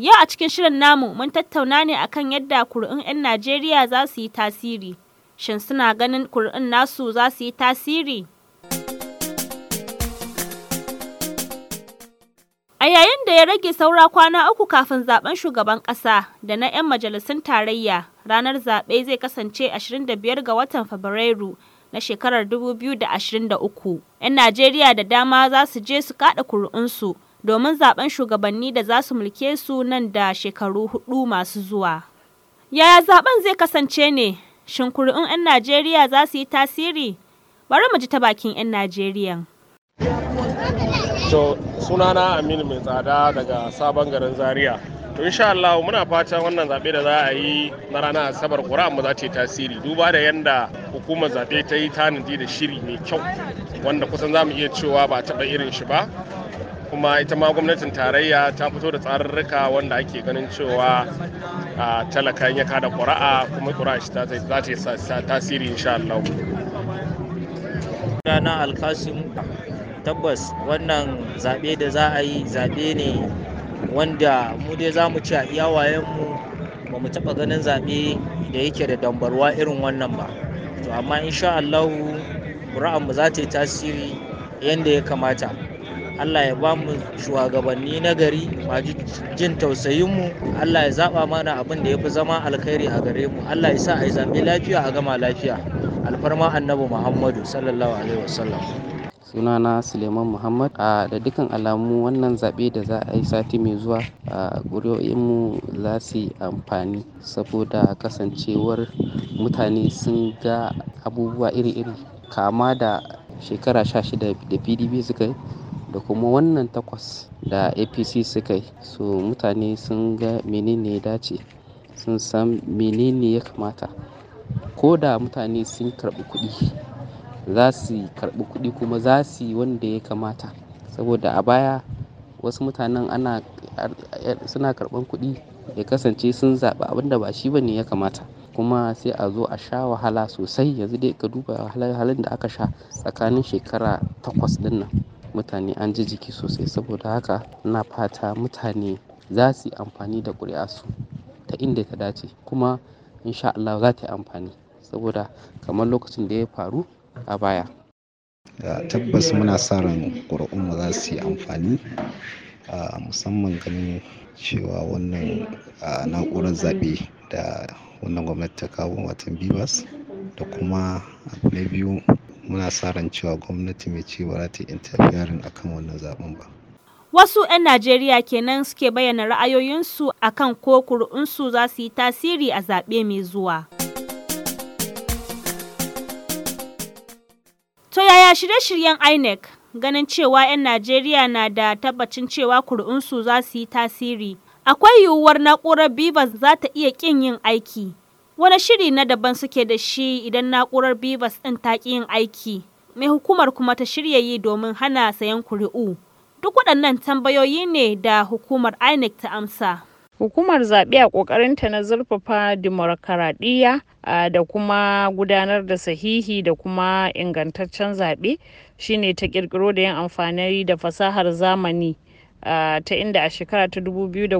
Yau a cikin shirin namu mun tattauna ne akan yadda kuri'un 'yan Najeriya za su yi tasiri. Shin suna ganin kuri'un nasu za su yi tasiri? A yayin da ya rage saura kwana uku kafin zaben shugaban ƙasa da na 'yan majalisun tarayya, ranar zaɓe zai kasance 25 ga watan Fabrairu na shekarar 2023. 'Yan Najeriya da dama za su je su kaɗa kuri'unsu. domin zaben shugabanni da za su mulke su nan da shekaru hudu masu zuwa. Yaya zaben zai kasance ne? Shin kuri'un 'yan Najeriya za su yi tasiri? Bari mu ji ta bakin 'yan najeriya. sunana Aminu mai tsada daga sabon garin Zaria. To insha Allah muna fatan wannan zaɓe da za a yi na ranar Asabar kura mu za ta yi tasiri duba da yanda hukumar zaɓe ta yi tanadi da shiri mai kyau wanda kusan zamu iya cewa ba taɓa irin shi ba kuma ita ma gwamnatin tarayya ta fito da tsarurruka wanda ake ganin cewa talakan ya kada ƙura'a kuma ƙura'a shi za ta yi tasiri insha Allah. Rana Alkasim tabbas wannan zaɓe da za a yi zaɓe ne wanda mu dai za mu ci a iyawayenmu ba mu taɓa ganin zaɓe da yake da dambarwa irin wannan ba to amma insha Allahu ƙura'an mu za ta yi tasiri yadda ya kamata Allah ya ba mu shugabanni na gari masu jin tausayinmu Allah ya zaba mana abin da ya fi zama alkhairi a gare mu Allah ya sa a yi zaɓe lafiya a gama lafiya alfarma annabi Muhammadu sallallahu alaihi wasallam sunana suleiman muhammad a da dukkan alamu wannan zaɓe da za a yi sati mai zuwa a ƙuri'o'inmu za su yi amfani saboda kasancewar mutane sun ga abubuwa iri-iri kama da shekara 16 da pdp suka yi da kuma wannan takwas da apc suka yi so mutane sun ga menene ya dace sun san menene ya kamata ko da mutane sun karɓi kuɗi za su karɓi kuɗi kuma za su yi wanda ya kamata saboda a baya wasu mutanen ana suna karɓan kuɗi ya kasance sun zaɓi abinda ba shi ba ne ya kamata kuma sai a zo a sha wahala sosai yanzu dai ka duba halin da aka sha tsakanin shekara takwas ɗin nan mutane an ji jiki sosai saboda haka ina fata mutane za su yi amfani da ƙuri'arsu ta inda ta dace kuma in sha Allah za ta yi amfani saboda kamar lokacin da ya faru a baya. tabbas muna sa ran ƙuri'unmu za su yi amfani musamman ganin cewa wannan na'urar zaɓe da wannan gwamnati ta kawo watan bibas da kuma na biyu muna sa ran cewa gwamnati mai ci ba za ta a kan wannan zaben ba Wasu 'yan Najeriya kenan suke bayyana ra'ayoyinsu a kan ko kuri'unsu za su yi tasiri a zaɓe mai zuwa. To yaya shirye-shiryen INEC ganin cewa 'yan Najeriya na da tabbacin cewa kuri'unsu za su yi tasiri? Akwai yiwuwar na'urar biva za ta iya ƙin yin aiki. wani shiri na daban suke da shi idan na'urar bivas ɗin ta ƙi yin aiki mai hukumar kuma ta shirya yi domin hana sayan kuri'u duk waɗannan tambayoyi ne da hukumar inec ta amsa hukumar zaɓe a ƙoƙarinta na zurfafa dimokuraɗiyya da kuma gudanar da sahihi da kuma ingantaccen zaɓe shine ta ƙirƙiro da yin amfani da fasahar zamani ta inda a shekara ta 2015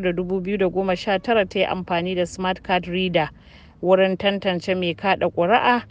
da 2019 ta yi amfani da smart card reader wurin tantance mai kada ƙuri'a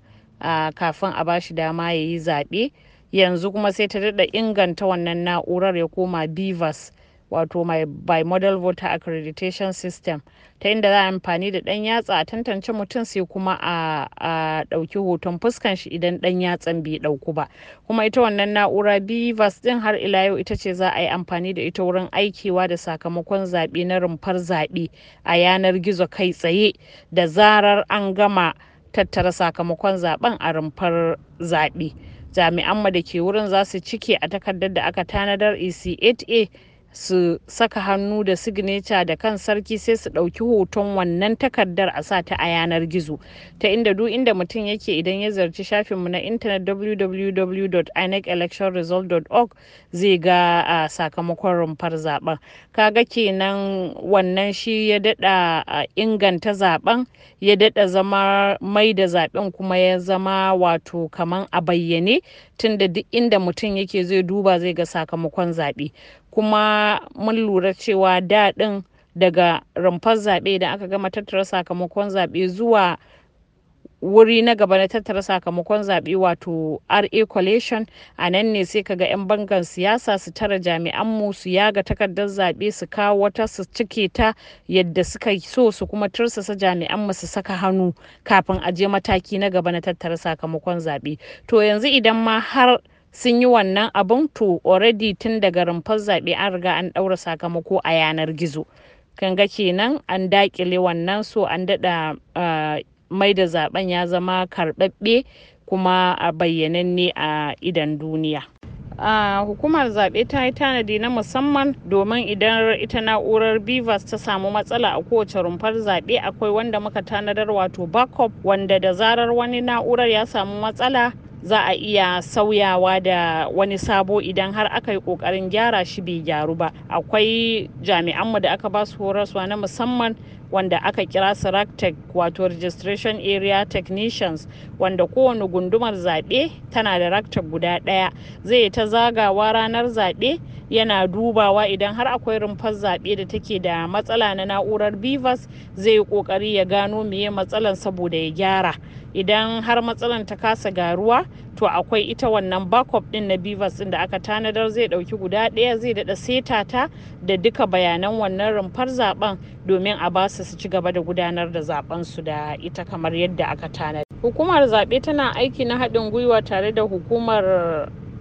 kafin a bashi dama ya yi zaɓe yanzu kuma sai ta daɗa inganta wannan na'urar ya koma beavers wato by model voter accreditation system ta inda za a amfani da dan yatsa a tantance mutum sai kuma a ɗauki hoton fuskan shi idan dan yatsan bai ɗauku ba kuma ita wannan na'ura bivas din har ila yau ita ce za a yi amfani da ita wurin aikewa da sakamakon zaɓe na rumfar zaɓe a yanar gizo kai tsaye da zarar an gama tattara sakamakon zaben a rumfar zaɓe jami'an da ke wurin za su cike a takardar da aka tanadar ec 8a su saka hannu da signature da kan sarki sai su ɗauki hoton wannan takardar a sa ta a yanar gizo ta inda duk inda mutum yake idan ya zarci shafinmu na intanet www.inecelectionresult.org zai ga a sakamakon rumfar zaben kaga kenan wannan shi ya daɗa inganta zaben ya daɗa zama mai da zaben kuma ya zama wato kaman a bayyane tunda duk inda mutum yake zai duba zai ga sakamakon zaɓe kuma mun lura cewa daɗin daga rumfar zaɓe da aka gama tattara sakamakon zaɓe zuwa wuri na gaba na tattara sakamakon zaɓe wato ra collation a nan ne sai kaga 'yan bangan siyasa su tara jami'an mu su yaga takardar zaɓe su kawo wata su cike ta yadda suka so su kuma tursasa jami'anmu su saka hannu kafin a je mataki na gaba na tattara sakamakon zaɓe to yanzu idan ma har sun yi wannan abun to already tun daga rumfar zaɓe an riga an ɗaura sakamako a yanar gizo kan ga kenan an dakile wannan so an daɗa mai da zaɓen ya zama karɓaɓɓe kuma a bayyananne a idan duniya Uh, hukumar zaɓe ta yi tanadi na musamman domin idan ita na'urar bivas ta samu matsala a kowace rumfar zaɓe akwai wanda muka tanadar wato backup wanda da zarar wani na'urar ya samu matsala za a iya sauyawa da wani sabo idan har aka yi kokarin gyara shi bai gyaru ba akwai jami'anmu da aka ba su horaswa na musamman wanda aka kira su RACTEC wato registration area technicians wanda kowane gundumar zaɓe tana da RACTEC guda ɗaya zai ta zagawa ranar zaɓe yana dubawa idan har akwai rumfar zaɓe da take da matsala na na'urar bivas zai yi ƙoƙari ya gano meye matsalan saboda ya gyara idan har matsalan ta kasa garuwa to akwai ita wannan backup din na bivas din da aka tanadar zai ɗauki guda ɗaya zai daɗa seta ta da duka bayanan wannan rumfar zaben domin a ba su ci gaba da gudanar da zaben su da ita kamar yadda aka tanadar hukumar zaɓe tana aiki na haɗin gwiwa tare da hukumar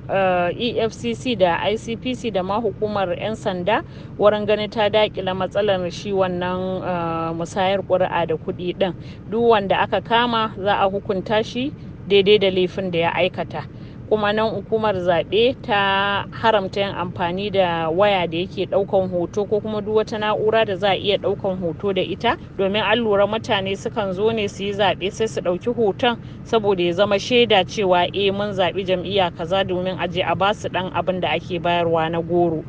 efcc eh, e da icpc da ma hukumar 'yan sanda wurin ganin ta dakila matsalar shi wannan eh, musayar ƙuri'a da kuɗi ɗin duk wanda aka kama za a hukunta shi daidai da laifin da ya aikata kuma nan hukumar zaɓe ta haramta yin amfani da waya da yake ɗaukan hoto ko kuma duk wata na'ura da za a iya ɗaukan hoto da ita domin an lura mutane sukan zo ne su yi zaɓe sai su ɗauki hoton saboda ya zama shaida cewa eh mun zaɓi jam'iyya kaza domin a je a ba su ɗan abin da ake bayarwa na goro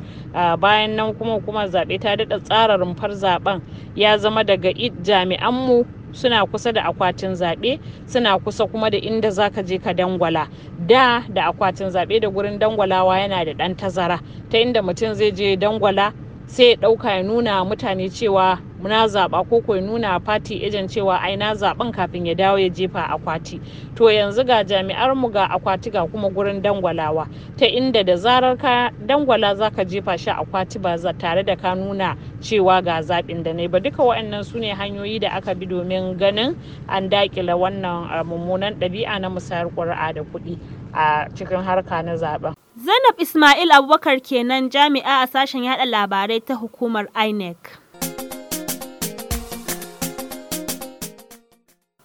bayan nan kuma hukumar zaɓe ta daɗa tsara rumfar zaɓen ya zama daga jami'an mu. suna kusa da akwatin zaɓe suna kusa kuma da inda zaka je ka dangwala da da akwatin zaɓe da gurin dangwalawa yana da ɗan tazara ta inda mutum zai je dangwala sai ya ɗauka ya nuna mutane cewa na zaɓa ko ko ya nuna fati ejan cewa ai na zaɓen kafin ya dawo ya jefa akwati to yanzu ga jami'ar mu ga akwati ga kuma gurin dangwalawa ta inda da zarar ka dangwala ka jefa shi akwati ba tare da ka nuna cewa ga zaɓin da ne ba duka waɗannan su ne hanyoyi da aka bi domin ganin an daƙile wannan ah, mummunan ɗabi'a na musayar ƙuri'a da kuɗi a cikin harka na zaben. Zainab Ismail Abubakar kenan jami'a a sashen yada labarai ta hukumar INEC.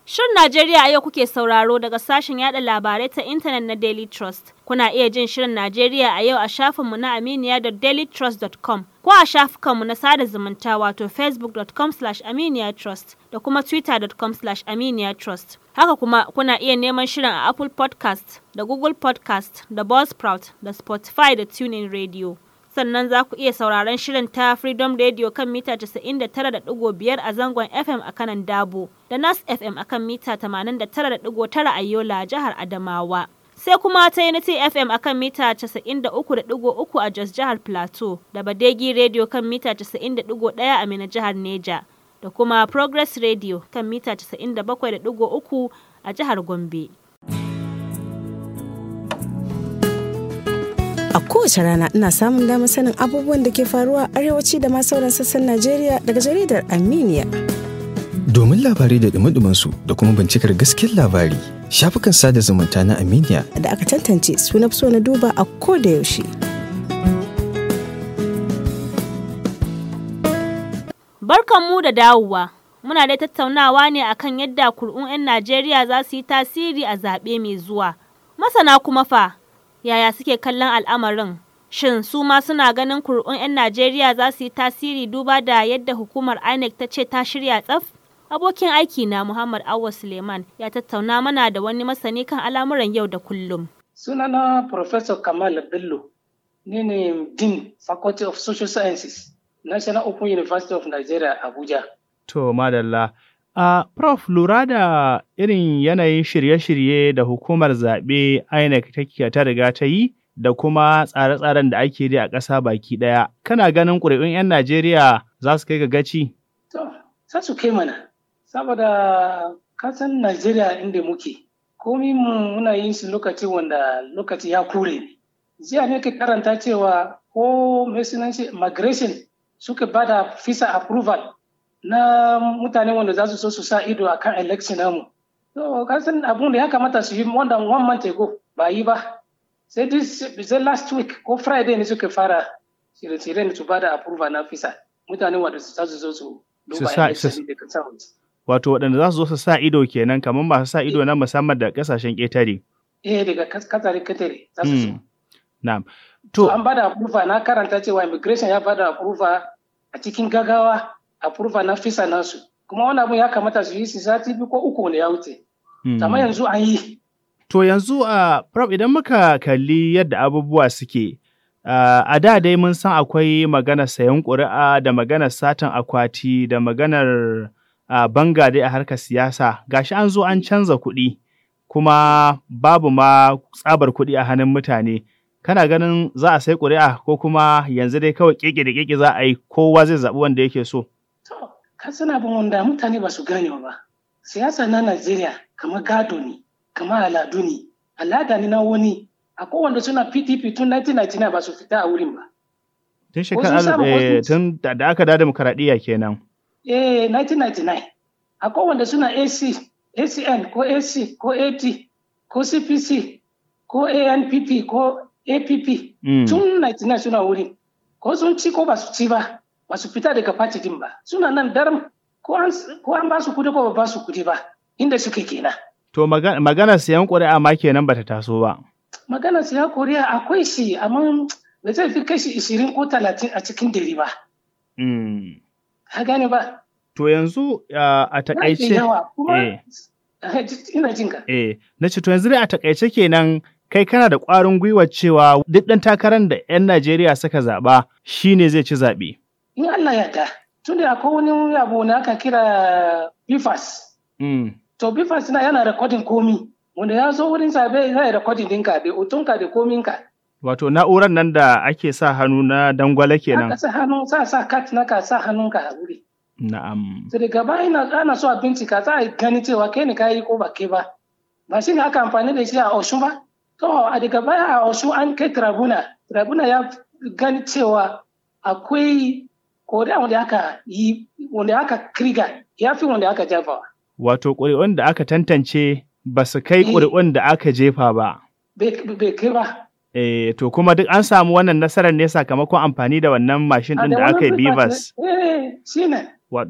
Shirin Najeriya a yau kuke sauraro daga sashen yada labarai ta intanet na Daily Trust. Kuna iya jin Shirin Najeriya a yau a shafinmu na Aminiya da dailytrust.com ko a shafukanmu na sada zumunta wato facebookcom aminiyatrust da kuma twittercom aminiyatrust Haka kuma kuna iya neman shirin a Apple podcast da Google podcast da Buzzsprout da Spotify da TuneIn Radio. sannan za ku iya sauraron shirin ta Freedom Radio kan mita 99.5 a zangon FM a kanan Dabo da Nas FM a kan mita 89.9 a Yola jihar Adamawa. sai kuma ta Unity FM a kan mita 93.3 a Jos Jihar Plateau da Badegi Radio kan mita 91.1 a Mina Jihar Neja da kuma Progress Radio kan mita 97.3 a Jihar Gombe. A kowace rana ina samun damar sanin abubuwan da ke faruwa arewaci da ma sauran sassan Najeriya daga jaridar Armenia. Domin labarai da dumi su da kuma bincikar gaskiyar labari, shafukan sada zumunta na Aminiya da aka tantance suna so na duba a ko da yaushe. Barkanmu da dawowa. Muna da tattaunawa ne akan yadda kur'un 'yan Najeriya za su yi tasiri a zaɓe mai zuwa. Masana kuma fa, yaya suke kallon al'amarin? Shin su ma suna ganin kur'un 'yan Najeriya za su yi tasiri duba da yadda hukumar INEC ta ce ta shirya tsaf? Abokin aiki na Muhammad Awa Suleiman ya tattauna mana da wani masani kan al'amuran yau da kullum. Sunana Professor Kamal Bello, ni ne Dean Faculty of Social Sciences, National Open University of Nigeria, Abuja. To, madalla. A Prof, lura da irin yanayin shirye-shirye da hukumar zaɓe INEC take ta riga ta yi da kuma tsare-tsaren da ake da a ƙasa baki ɗaya. Kana ganin ƙuri'un 'yan Najeriya za su kai ga gaci? To, sa su kai mana. saboda kasan najeriya inda muke komi muna yin shi lokaci wanda lokaci ya kure jiya ne ka karanta cewa ko mai migration suka ba da visa approval na mutane wanda za su so su sa ido a kan election namu so kasan abun da ya kamata su yi wanda one month ago ba yi ba sai this sai last week ko friday ne suka fara shirye-shiryen su ba da approval na visa mutane wanda za su so su duba election wato waɗanda za su zo su sa ido kenan kamar masu sa ido na musamman da kasashen ƙetare. Eh daga kasashen ƙetare za su hmm. Na'am. To an bada approval na karanta cewa immigration ya bada approval a cikin gaggawa approval na fisa nasu kuma wani abu ya kamata su yi su sati biyu ko uku ne ya wuce. Hmm. Amma yanzu an yi. To yanzu a ah, Prof idan muka kalli yadda abubuwa suke Uh, a da dai mun san akwai maganar sayan ƙuri'a da maganar satan akwati da maganar A banga dai a harkar siyasa gashi an zo an canza kuɗi kuma babu ma tsabar kuɗi a hannun mutane kana ganin za a sai ƙuri'a ko kuma yanzu dai kawai keke da keke za a yi kowa zai zaɓi wanda yake so. To, kan suna bin wanda mutane ba su gane ba. Siyasa na Najeriya kamar gado ne, kamar aladu ne, alada ne na wani. A kowanne suna PDP tun 1999 ba su fita a wurin ba. Tun shekarar eh, tun da aka da demokaradiyya kenan. 1999 eh, akwai wanda suna ac acn ko ac ko at ko cpc ko anpp ko app mm. tun 99 suna wurin ko sun ci ko ba su ci ba ba su fita daga fati din ba suna nan daram ko an ba su kudi ko ba ba su kudi ba inda suke kenan to magana siyan ƙuri'a ma kenan bata taso ba magana siyan ƙuri'a akwai shi amma ba zai fi kashi 20 ko 30 a cikin dare ba mm. Ka gane ba? To yanzu a taƙaice. Eh. ina jin eh, na ce to yanzu dai a takaice kenan kai kana da ƙwarin gwiwa cewa duk ɗan takarar da 'yan Najeriya suka zaɓa shi ne zai ci zaɓe. In Allah ya ta, tun da akwai wani abu na aka kira bifas. Mm. To bifas yana rekodin komi, wanda ya zo wurin zaɓe yana rekodin ɗinka da utunka da kominka. Wato na'urar nan da ake sa hannu na dangwale kenan. Ka sa hannu sa sa kat na ka sa hannun ka wuri. Na'am. To daga bayan na ana so a bincika za a gani cewa kai ne ka yi ko ba ke ba. Ba shi ne aka amfani da shi a Oshun ba. To a daga baya a Oshun an kai Tribuna. Tribuna ya gani cewa akwai kuri'a wanda aka yi wanda aka kirga ya fi wanda aka jefa. Wato ƙuri'un da aka tantance ba su kai eh. ƙuri'un da aka jefa ba. Bai kai ba. Eh, to kuma duk an samu wannan nasarar ne sakamakon amfani da wannan mashin ɗin da aka yi Beavers. Eh,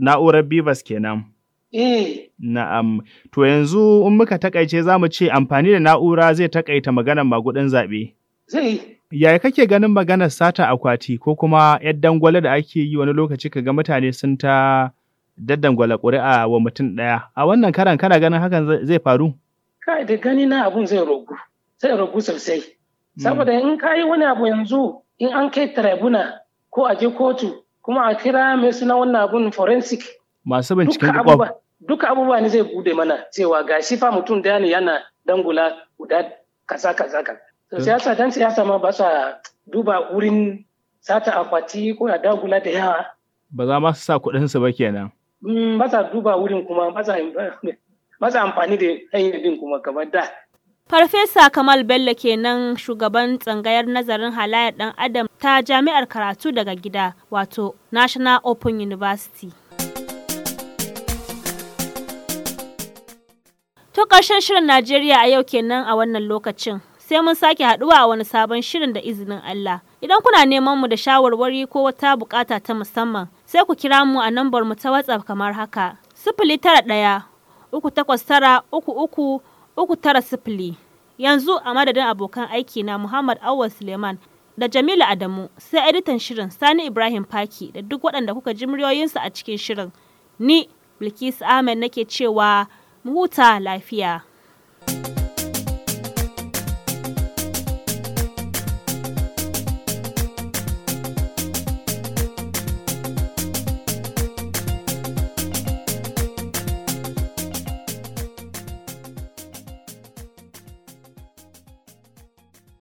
na'urar Beavers kenan. Eh. Na'am. To yanzu in muka takaice za mu ce amfani da na'ura zai takaita maganar magudin zaɓe. Zai. Yaya kake ganin maganar sata akwati ko kuma yadda dangwale da ake yi wani lokaci ka ga mutane sun ta daddangwala ƙuri'a wa mutum ɗaya. A wannan karan kana ganin hakan zai faru? Kai da gani na abun zai rogu. Zai rogu sosai. saboda in ka yi wani abu yanzu in an kai tribuna ko a je kotu kuma a kira mai suna wannan abun forensic masu binciken duka abubuwa ne zai bude mana cewa ga shi fa mutum da ne yana dangula guda kaza kaza kaza to eh. siyasa dan siyasa ma ba sa duba wurin sata akwati ko a dangula da yawa ba za ma su sa kuɗin su ba kenan mm, ba sa duba wurin kuma ba sa amfani da hanyar din kuma kamar da Farfesa Kamal Bello kenan shugaban tsangayar nazarin halayyar ɗan adam ta jami'ar karatu daga gida wato National Open University. To ƙarshen shirin Najeriya a yau kenan a wannan lokacin. sai mun sake haɗuwa a wani sabon shirin da izinin Allah. Idan kuna neman mu da shawarwari ko wata bukata ta musamman, sai ku kira mu a nambar mu ta WhatsApp kamar haka. Sifili tara ɗaya, uku takwas tara, uku uku, uku tara sifili yanzu a madadin abokan aiki na Muhammad Awal Suleiman da Jamilu Adamu sai editan shirin Sani Ibrahim Faki da duk waɗanda kuka ji muryoyinsu a cikin shirin ni Bilkisu Ahmed nake cewa mu huta lafiya.